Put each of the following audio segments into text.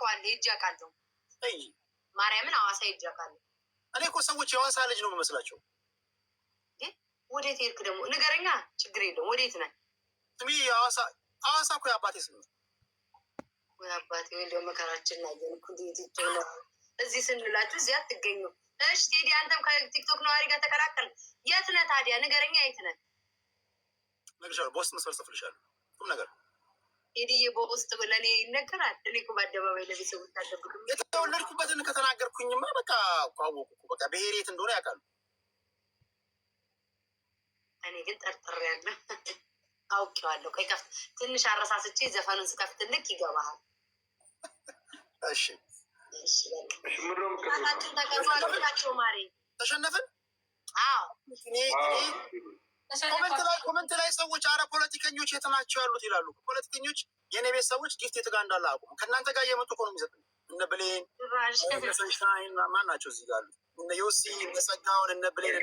ታውቀዋለህ? ሄጄ አውቃለሁ። ማርያምን አዋሳ ሄጄ አውቃለሁ። እኔ እኮ ሰዎች የዋሳ ልጅ ነው የምመስላቸው። ወዴት ሄድክ ደግሞ ንገረኛ። ችግር የለውም። ወዴት ነህ? ስሜ የሐዋሳ ሐዋሳ እኮ የአባቴ ስም ነው። ወይ አባቴ ወይ ደግሞ መከራችን ናየን ኩዴት ይቶነ እዚህ ስንላችሁ እዚህ አትገኙ። እሽ ቴዲ፣ አንተም ከቲክቶክ ነዋሪ ጋር ተከራከል። የት ነህ ታዲያ? ንገረኛ፣ የት ነህ? ነግሬሻለሁ። በውስጥ መስመር ጽፍልሻለሁ። ቁም ነገር ሄድዬ በውስጥ ብለን ይነገራል። እኔ እኮ በአደባባይ ለቤተሰቦች አልደብቅም። የተወለድኩበትን ከተናገርኩኝማ በቃ አወቁ እኮ በቃ ብሔር የት እንደሆነ ያውቃሉ። እኔ ግን ጠርጥር ያለ አውቄዋለሁ። ቆይ ከፍት ትንሽ አረሳስቼ ዘፈኑን ስከፍትልክ ይገባሃል። እሺ ራሳችን ተቀርጿል ናቸው ማሬ ተሸነፍን። አዎ ኮመንት ላይ ሰዎች አረ ፖለቲከኞች የት ናቸው ያሉት ይላሉ። ፖለቲከኞች የእኔ ቤት ሰዎች ጊፍት የት ጋር እንዳለ አቁም። ከእናንተ ጋር እየመጡ እኮ ነው የሚሰጥ። እነ ብሌን ሰንሻይን ማን ናቸው እዚህ ጋር ያሉት? እነ ዮሲ እነ ጸጋውን እነ ብሌን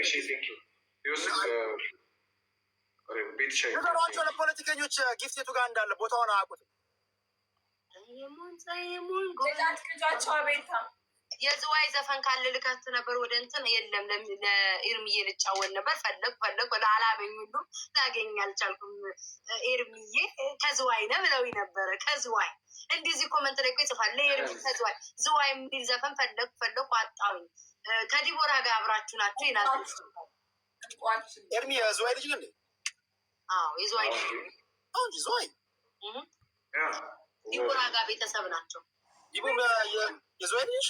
ነገሯቸው ለፖለቲከኞች ጊፍት የቱ ጋር እንዳለ ቦታውን አያውቁትም። የዝዋይ ዘፈን ካለ ልከት ነበር ወደ እንትን የለም ለኤርሚዬ ልጫወት ነበር ፈለግ ፈለግ ወደ አላበኝ ሁሉ ላገኝ አልቻልኩም። ኤርሚዬ ከዝዋይ ነ ብለው ነበረ። ከዝዋይ እንደዚህ ኮመንት ላይ ይጽፋል። ኤርሚ ከዝዋይ ዝዋይ የሚል ዘፈን ፈለግ ፈለግ አጣሁኝ። ከዲቦራ ጋር አብራችሁ ናችሁ ይላል ኤርሚ። የዝዋይ ልጅ ግን አዎ፣ የዝዋይ ልጅ ዝዋይ ዲቦራ ጋር ቤተሰብ ናቸው። ዲቦራ የዝዋይ ልጅ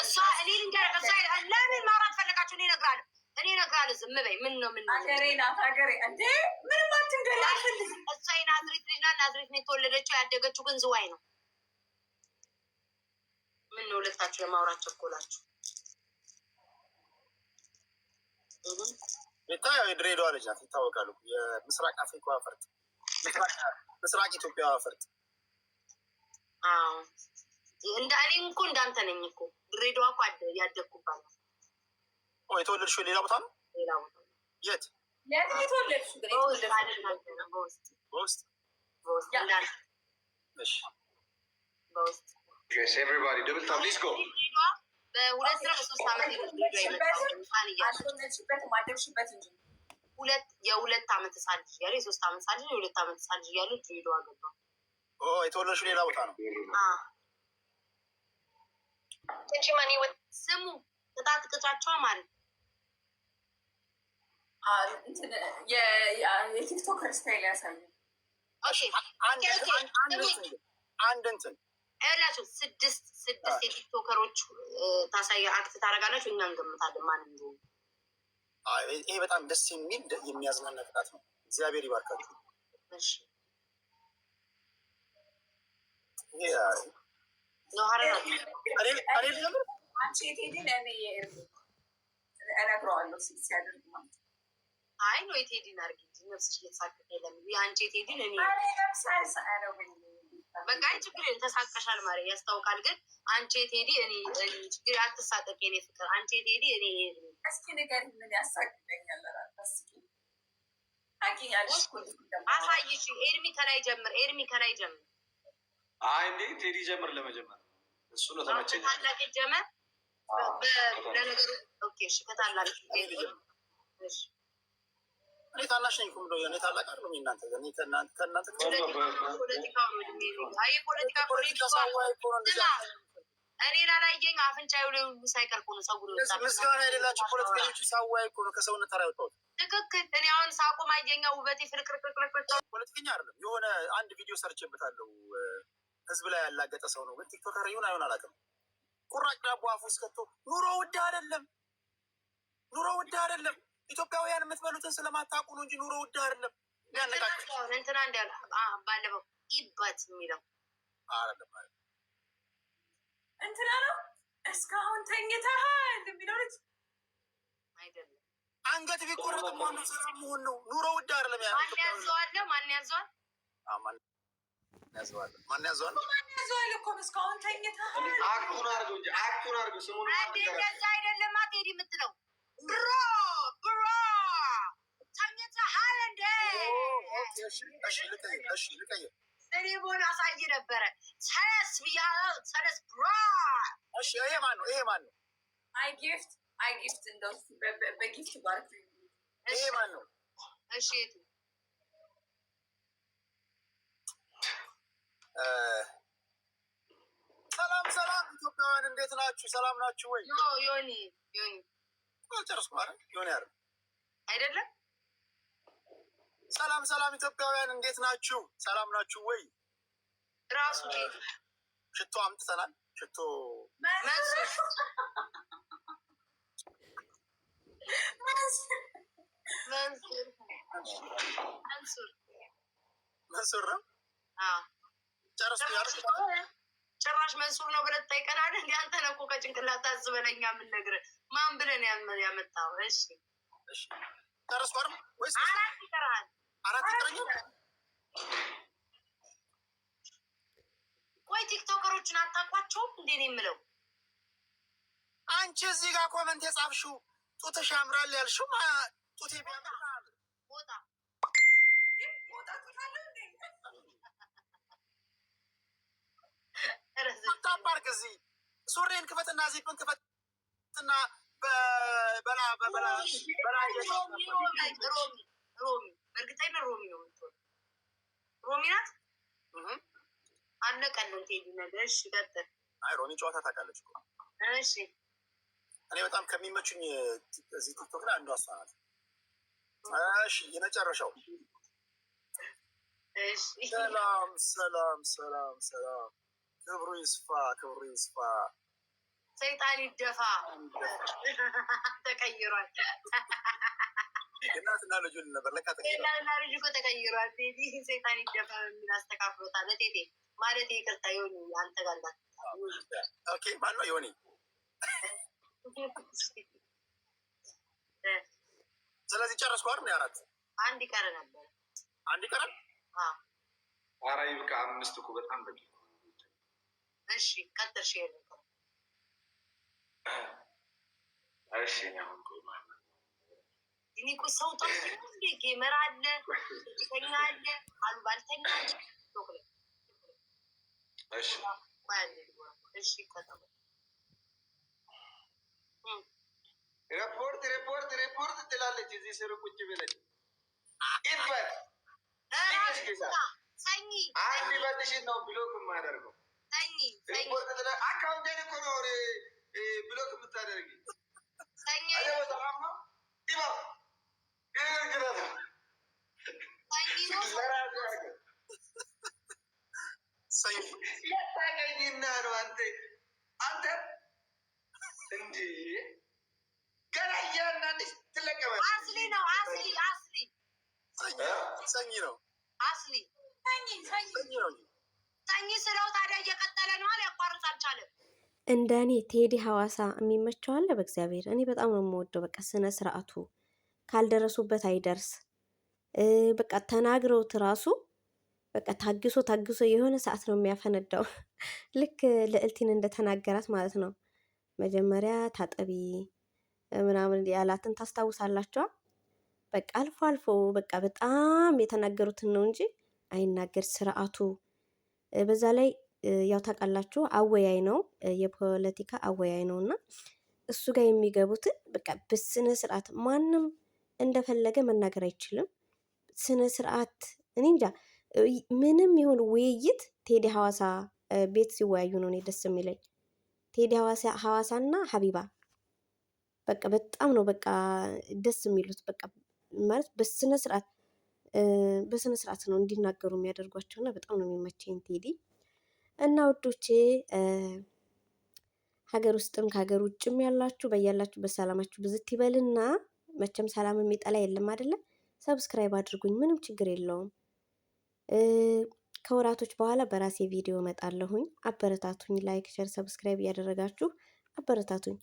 እሷ እኔ ለምን ማውራት ፈለጋችሁ? እኔ እነግርሃለሁ እኔ እነግርሃለሁ። ዝም በይ። ምን ነው ምን እሷ የናዝሬት ልጅ ናት። ናዝሬት ነው የተወለደችው ያደገችው፣ ግን ዝዋይ ነው። ምን ነው ሁለታችሁ ለማውራት ቸኮላችሁ? ቤታ የድሬዳዋ ልጅ ናት፣ ይታወቃሉ። የምስራቅ አፍሪካ ፈርጥ፣ ምስራቅ ኢትዮጵያ ፈርጥ እንደ እኔም እኮ እንዳንተ ነኝ እኮ ድሬዳዋ እኮ ያደግኩባት። የተወለድሽው ሌላ ቦታ ነው? ሌላ ቦታ ነው። የት? የሁለት ዓመት ሳልጅ ልጅ የሶስት ዓመት ህፃን የሁለት ዓመት ሳልጅ እያሉ እያለሁ ድሬዳዋ ገባሁ። የተወለድሽው ሌላ ቦታ ነው? እንጂ ማን ስሙ ቅጣት ቅጫቸዋ ማለት የቲክቶክ ስታይል ያሳዩ አንድ እንትን ያላቸው ስድስት ስድስት የቲክቶከሮች ታሳየ አክት ታደርጋላችሁ። እኛ እንገምታለን ማን እንደሆነ። ይሄ በጣም ደስ የሚል የሚያዝናና ቅጣት ነው። እግዚአብሔር ይባርካችሁ። አይ ነው የቴዲን አርጊ ነፍስሽ እየተሳቀቀ ለሚሉ የአንቺ የቴዲን እኔ በቃ ችግር ተሳቀሻል ማለት ያስታውቃል። ግን አንቺ የቴዲ እኔ ችግር አትሳቀቅ የኔ ፍቅር አንቺ የቴዲ እኔ እስኪ ምን ያሳቅቀኛል? አሳይሽ ኤርሚ ከላይ ጀምር፣ ኤርሚ ከላይ ጀምር። አይ እንዴ ቴዲ ጀምር ለመጀመር እሱ ነው ተመቸኝ። ታላቅ ጀመ እኔ ላላየኝ አፍንጫዬ ሳይቀር እኮ ነው ፀጉር ምስጋና የሌላቸው ፖለቲከኞቹ ሳዋይ እኮ ነው ከሰውነት ተራ ትክክል። እኔ አሁን ሳቆም አየኛ ውበቴ ፍርቅርቅርቅርቅ ፖለቲከኛ አይደለም። የሆነ አንድ ቪዲዮ ሰርቼበታለሁ ህዝብ ላይ ያላገጠ ሰው ነው። ግን ቲክቶከር ይሁን አይሆን አላውቅም። ቁራጭ ዳቦ አፉ እስከቶ ኑሮ ውድ አይደለም፣ ኑሮ ውድ አይደለም። ኢትዮጵያውያን የምትበሉትን ስለማታውቁ ነው እንጂ ኑሮ ውድ አይደለም። እንትና እንዳለ ባለፈው ኢበት የሚለው እንትና ነው እስካሁን ተኝተሃል የሚለው ልጅ አይደለም። አንገት ቢቆረጥ ሰላም መሆን ነው። ኑሮ ውድ አይደለም። ማን ያዘዋል? ማን ያዘዋል? ማን ያዘዋል? እስካሁን ተኝተህ አክቱን አድርገው እንጂ አክቱን አድርገው። ሰሞኑን እንደዛ አይደለም አትሄድ የምትለው ብሮ ብሮ ተኝተሃል እንደ እኔ በሆነ አሳይ ነበረ ሰለስ ብያለሁ። ሰለስ ብሮ ይሄ ማን ነው? ይሄ ማን ነው? አይ ጊፍት አይ ጊፍት እንደው በጊፍት ባርክ ይሄ ማን ነው? እሺ ሰላም ሰላም፣ ኢትዮጵያውያን እንዴት ናችሁ? ሰላም ናችሁ ወይ? ዮኒ ዮኒ አልጨርስኩም አይደል? ዮኒ አር አይደለም። ሰላም ሰላም፣ ኢትዮጵያውያን እንዴት ናችሁ? ሰላም ናችሁ ወይ? ራሱ ሽቶ አምጥተናል። ሽቶ መንሱር መንሱር ነው ጭራሽ መንሱር ነው ብለህ ትጠይቀናለህ። እንደ አንተ ነህ እኮ ከጭንቅላት አዝበለኛ የምንነግርህ ማን ብለን ያመጣው? እሺ አራት ቆይ ቲክቶከሮችን አታውቋቸውም እንዴ ነው የምለው። አንቺ እዚህ ጋር ኮመንት የጻፍሽው ጡትሽ ያምራል ያልሽው ጡቴ ቢያምር ቦታ እዚህ ሱሪን ክፈትና ዚፕን ክፈትና በላበላበላሮሚ ሮሚ ሮሚ ናት። አለቀልን ቴዲ ነገር እሺ፣ ቀጥል። አይ ሮሚ ጨዋታ ታውቃለች እሺ። እኔ በጣም ከሚመችኝ እዚህ ቲክቶክ ላይ አንዷ እሷ ናት። እሺ፣ የመጨረሻው ሰላም ሰላም ሰላም ሰላም ክብሩ ይስፋ፣ ክብሩ ይስፋ። ሰይጣን ይደፋ። ተቀይሯል። እናትና ልጁ ነበር ለካ እናትና ልጁ እኮ ተቀይሯል። ሰይጣን ይደፋ የሚል አስተካክሎታል። ለቴቴ ማለት ይቅርታ ሆኒ አንተ ጋር ኦኬ። ነው ሆኒ? ስለዚህ ጨረስኩ አይደል? አራት አንድ ይቀር ነበር። አንድ ይቀራል። ኧረ ይብቃ። አምስት እኮ በጣም በቂ ነው። እሺ ቀጥልሽ። እሺ እኮ ሰው ጌመር አለ ተኛ አለ አሉ ባልተኛ ሪፖርት ሪፖርት ሪፖርት ትላለች። እዚህ ስር ቁጭ ብለሽ አንድ ነው ብሎክ የማደርገው ወንጀል እኮ ነው ብሎክ የምታደርጊ ያታገኝና ነው አንተ አንተ እንዴ ገና እያንዳንድ ትለቀበል አስሊ ነው አስሊ አስሊ ሰኝ ነው አስሊ ሰኝ ሰኝ ሰኝ ስለው ታዲያ እየቀጠለ ነው አለ አልቻለም እንደ እኔ ቴዲ ሐዋሳ የሚመቸው አለ። በእግዚአብሔር እኔ በጣም ነው የምወደው። በቃ ስነ ስርዓቱ ካልደረሱበት አይደርስ። በቃ ተናግረውት ራሱ በቃ ታግሶ ታግሶ የሆነ ሰዓት ነው የሚያፈነዳው። ልክ ልዕልቲን እንደተናገራት ማለት ነው። መጀመሪያ ታጠቢ ምናምን ያላትን ታስታውሳላቸዋ። በቃ አልፎ አልፎ በቃ በጣም የተናገሩትን ነው እንጂ አይናገር ስርዓቱ በዛ ላይ ያው ታውቃላችሁ አወያይ ነው፣ የፖለቲካ አወያይ ነው እና እሱ ጋር የሚገቡትን በቃ በስነ ስርዓት ማንም እንደፈለገ መናገር አይችልም። ስነ ስርዓት እኔ እንጃ ምንም ይሁን ውይይት ቴዲ ሐዋሳ ቤት ሲወያዩ ነው እኔ ደስ የሚለኝ። ቴዲ እና ሀቢባ በቃ በጣም ነው በቃ ደስ የሚሉት በቃ ማለት በስነ ስርዓት በስነ ስርዓት ነው እንዲናገሩ የሚያደርጓቸውና በጣም ነው የሚመቸኝ ቴዲ። እና ውዶቼ ሀገር ውስጥም ከሀገር ውጭም ያላችሁ በያላችሁ በሰላማችሁ ብዝት ይበልና መቼም ሰላም የሚጠላ የለም አይደለም። ሰብስክራይብ አድርጉኝ፣ ምንም ችግር የለውም። ከወራቶች በኋላ በራሴ ቪዲዮ እመጣለሁኝ። አበረታቱኝ። ላይክ፣ ሸር፣ ሰብስክራይብ እያደረጋችሁ አበረታቱኝ።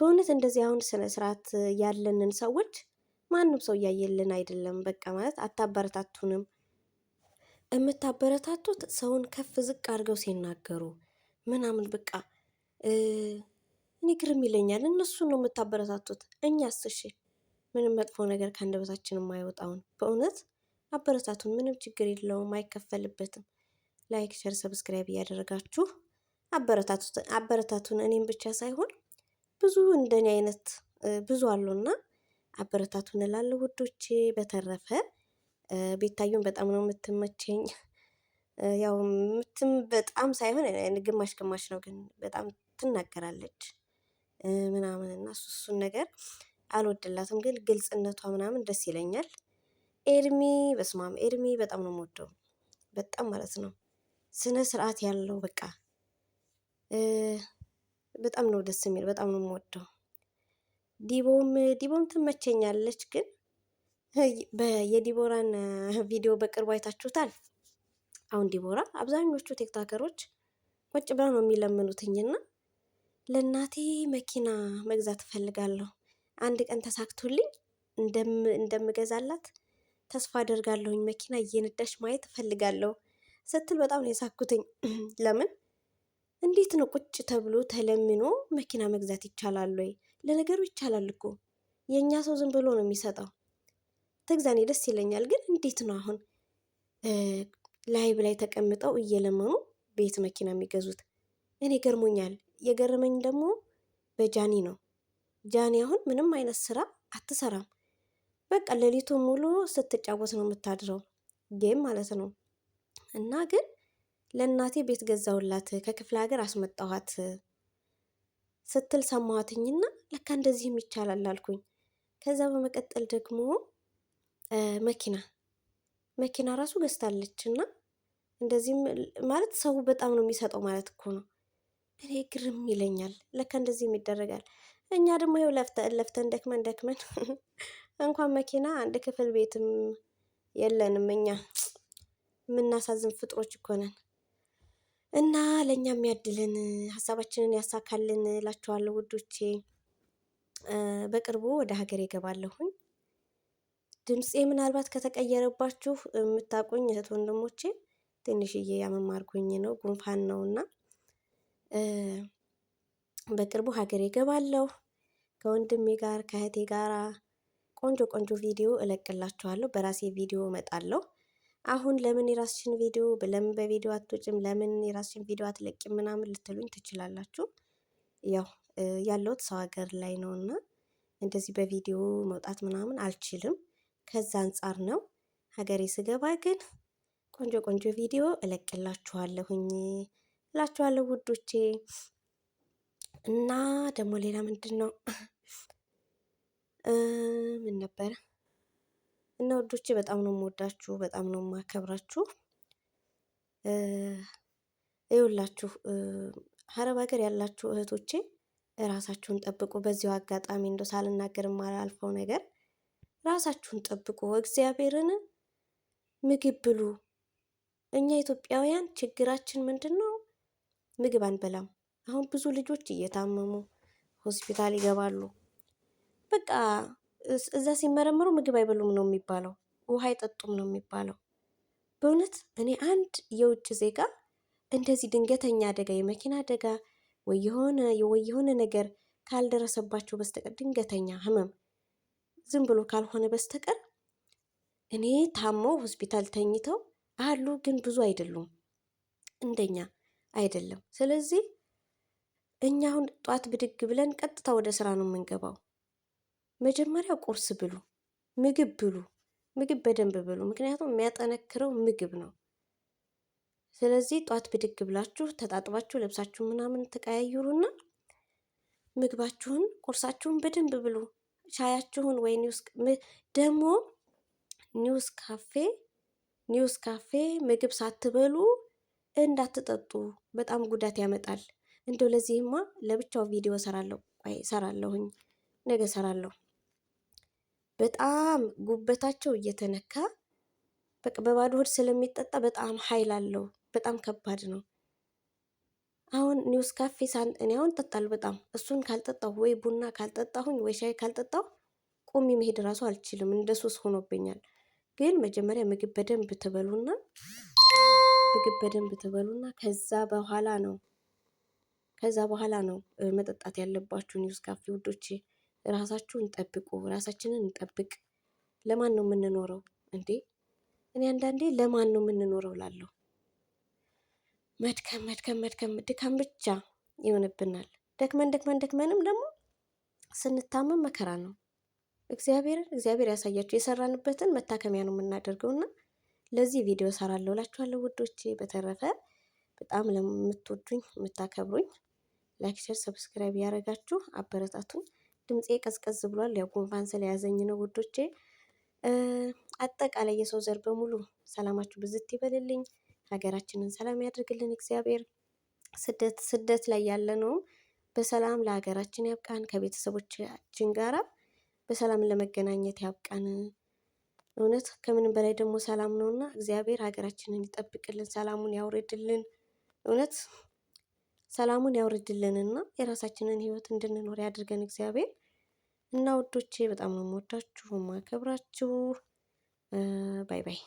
በእውነት እንደዚህ አሁን ስነ ስርዓት ያለንን ሰዎች ማንም ሰው እያየልን አይደለም። በቃ ማለት አታበረታቱንም። የምታበረታቱት ሰውን ከፍ ዝቅ አድርገው ሲናገሩ ምናምን በቃ እኔ ግርም ይለኛል። እነሱን ነው የምታበረታቱት። እኛ ስሽ ምንም መጥፎ ነገር ከአንደበታችን የማይወጣውን በእውነት አበረታቱን። ምንም ችግር የለውም፣ አይከፈልበትም። ላይክ፣ ሸር፣ ሰብስክራይብ እያደረጋችሁ አበረታቱን። እኔም ብቻ ሳይሆን ብዙ እንደኔ አይነት ብዙ አሉና አበረታቱን እላለሁ ውዶቼ። በተረፈ ቤታዩን በጣም ነው የምትመቸኝ። ያው ምትም በጣም ሳይሆን ግማሽ ግማሽ ነው፣ ግን በጣም ትናገራለች ምናምን እና እሱን ነገር አልወድላትም፣ ግን ግልጽነቷ ምናምን ደስ ይለኛል። ኤርሚ በስማም ኤርሚ በጣም ነው የምወደው፣ በጣም ማለት ነው ስነ ስርዓት ያለው በቃ በጣም ነው ደስ የሚል፣ በጣም ነው የምወደው። ዲቦም ዲቦም ትመቸኛለች ግን የዲቦራን ቪዲዮ በቅርቡ አይታችሁታል። አሁን ዲቦራ አብዛኞቹ ቲክቶከሮች ቁጭ ብለው ነው የሚለምኑትኝና ለእናቴ መኪና መግዛት እፈልጋለሁ አንድ ቀን ተሳክቶልኝ እንደምገዛላት ተስፋ አደርጋለሁኝ መኪና እየነዳሽ ማየት እፈልጋለሁ ስትል በጣም ነው የሳኩትኝ። ለምን እንዴት ነው ቁጭ ተብሎ ተለምኖ መኪና መግዛት ይቻላል ወይ? ለነገሩ ይቻላል እኮ የእኛ ሰው ዝም ብሎ ነው የሚሰጠው። ተግዛኔ ደስ ይለኛል። ግን እንዴት ነው አሁን ላይብ ላይ ተቀምጠው እየለመኑ ቤት መኪና የሚገዙት? እኔ ገርሞኛል። የገረመኝ ደግሞ በጃኒ ነው። ጃኒ አሁን ምንም አይነት ስራ አትሰራም። በቃ ሌሊቱ ሙሉ ስትጫወት ነው የምታድረው፣ ጌም ማለት ነው። እና ግን ለእናቴ ቤት ገዛውላት ከክፍለ ሀገር አስመጣኋት ስትል ሰማኋትኝና ለካ እንደዚህም ይቻላል አልኩኝ። ከዛ በመቀጠል ደግሞ መኪና መኪና ራሱ ገዝታለች እና እንደዚህም ማለት ሰው በጣም ነው የሚሰጠው ማለት እኮ ነው። እኔ ግርም ይለኛል ለካ እንደዚህም ይደረጋል። እኛ ደግሞ ይኸው ለፍተን ደክመን ደክመን እንኳን መኪና አንድ ክፍል ቤትም የለንም። እኛ የምናሳዝን ፍጥሮች እኮ ነን። እና ለእኛ የሚያድልን ሀሳባችንን ያሳካልን እላችኋለሁ ውዶቼ። በቅርቡ ወደ ሀገር እገባለሁኝ። ድምፄ ምናልባት ከተቀየረባችሁ የምታውቁኝ እህት ወንድሞቼ ትንሽዬ ያመማርኩኝ ነው፣ ጉንፋን ነው እና በቅርቡ ሀገር እገባለሁ። ከወንድሜ ጋር ከእህቴ ጋር ቆንጆ ቆንጆ ቪዲዮ እለቅላችኋለሁ። በራሴ ቪዲዮ እመጣለሁ። አሁን ለምን የራስሽን ቪዲዮ ለምን በቪዲዮ አትወጭም? ለምን የራስሽን ቪዲዮ አትለቂም? ምናምን ልትሉኝ ትችላላችሁ። ያው ያለሁት ሰው ሀገር ላይ ነው እና እንደዚህ በቪዲዮ መውጣት ምናምን አልችልም። ከዛ አንጻር ነው። ሀገሬ ስገባ ግን ቆንጆ ቆንጆ ቪዲዮ እለቅላችኋለሁኝ እላችኋለሁ ውዶቼ። እና ደግሞ ሌላ ምንድን ነው ምን ነበረ እና ውዶቼ፣ በጣም ነው የምወዳችሁ፣ በጣም ነው የማከብራችሁ። ይኸውላችሁ አረብ ሀገር ያላችሁ እህቶቼ እራሳችሁን ጠብቁ። በዚሁ አጋጣሚ እንደው ሳልናገር የማላልፈው ነገር ራሳችሁን ጠብቁ፣ እግዚአብሔርን ምግብ ብሉ። እኛ ኢትዮጵያውያን ችግራችን ምንድን ነው? ምግብ አንበላም። አሁን ብዙ ልጆች እየታመሙ ሆስፒታል ይገባሉ። በቃ እዛ ሲመረምሩ ምግብ አይበሉም ነው የሚባለው፣ ውሃ አይጠጡም ነው የሚባለው። በእውነት እኔ አንድ የውጭ ዜጋ እንደዚህ ድንገተኛ አደጋ የመኪና አደጋ ወይ የሆነ ወይ የሆነ ነገር ካልደረሰባቸው በስተቀር ድንገተኛ ህመም ዝም ብሎ ካልሆነ በስተቀር እኔ ታሞ ሆስፒታል ተኝተው አሉ፣ ግን ብዙ አይደሉም፣ እንደኛ አይደለም። ስለዚህ እኛ አሁን ጧት ብድግ ብለን ቀጥታ ወደ ስራ ነው የምንገባው። መጀመሪያ ቁርስ ብሉ፣ ምግብ ብሉ፣ ምግብ በደንብ ብሉ። ምክንያቱም የሚያጠነክረው ምግብ ነው። ስለዚህ ጧት ብድግ ብላችሁ ተጣጥባችሁ ልብሳችሁ ምናምን ተቀያይሩና ምግባችሁን ቁርሳችሁን በደንብ ብሉ። ሻያችሁን ወይ ኒውስ ደግሞ ኒውስ ካፌ ኒውስ ካፌ ምግብ ሳትበሉ እንዳትጠጡ፣ በጣም ጉዳት ያመጣል። እንደው ለዚህማ ለብቻው ቪዲዮ ሰራለሁ ሰራለሁኝ ነገ ሰራለሁ። በጣም ጉበታቸው እየተነካ በቃ በባዶ ሆድ ስለሚጠጣ በጣም ኃይል አለው። በጣም ከባድ ነው። አሁን ኒውስ ካፌ ሳን እኔ አሁን ጠጣል በጣም እሱን ካልጠጣሁ ወይ ቡና ካልጠጣሁኝ ወይ ሻይ ካልጠጣሁ ቆሜ መሄድ እራሱ አልችልም። እንደ ሱስ ሆኖብኛል። ግን መጀመሪያ ምግብ በደንብ ትበሉና ምግብ በደንብ ትበሉና ከዛ በኋላ ነው ከዛ በኋላ ነው መጠጣት ያለባችሁ ኒውስ ካፌ ውዶቼ። ራሳችሁን ጠብቁ። ራሳችንን እንጠብቅ። ለማን ነው የምንኖረው እንዴ? እኔ አንዳንዴ ለማን ነው የምንኖረው ላለሁ መድከም መድከም መድከም ድካም ብቻ ይሆንብናል። ደክመን ደክመን ደክመንም ደግሞ ስንታመም መከራ ነው። እግዚአብሔርን እግዚአብሔር ያሳያችሁ። የሰራንበትን መታከሚያ ነው የምናደርገው እና ለዚህ ቪዲዮ ሰራለሁ እላችኋለሁ ውዶቼ። በተረፈ በጣም ለምትወዱኝ የምታከብሩኝ፣ ላይክ፣ ሼር፣ ሰብስክራይብ ያደረጋችሁ አበረታቱኝ። ድምፄ ቀዝቀዝ ብሏል፣ ያው ጉንፋን ስለያዘኝ ነው ውዶቼ። አጠቃላይ የሰው ዘር በሙሉ ሰላማችሁ ብዝት ይበልልኝ። ሀገራችንን ሰላም ያድርግልን እግዚአብሔር። ስደት ስደት ላይ ያለ ነው በሰላም ለሀገራችን ያብቃን። ከቤተሰቦቻችን ጋራ በሰላም ለመገናኘት ያብቃን። እውነት ከምንም በላይ ደግሞ ሰላም ነውና እግዚአብሔር ሀገራችንን ይጠብቅልን፣ ሰላሙን ያውርድልን። እውነት ሰላሙን ያውርድልንና የራሳችንን ህይወት እንድንኖር ያድርገን እግዚአብሔር። እና ውዶቼ በጣም ነው የምወዳችሁ የማከብራችሁ። ባይ ባይ።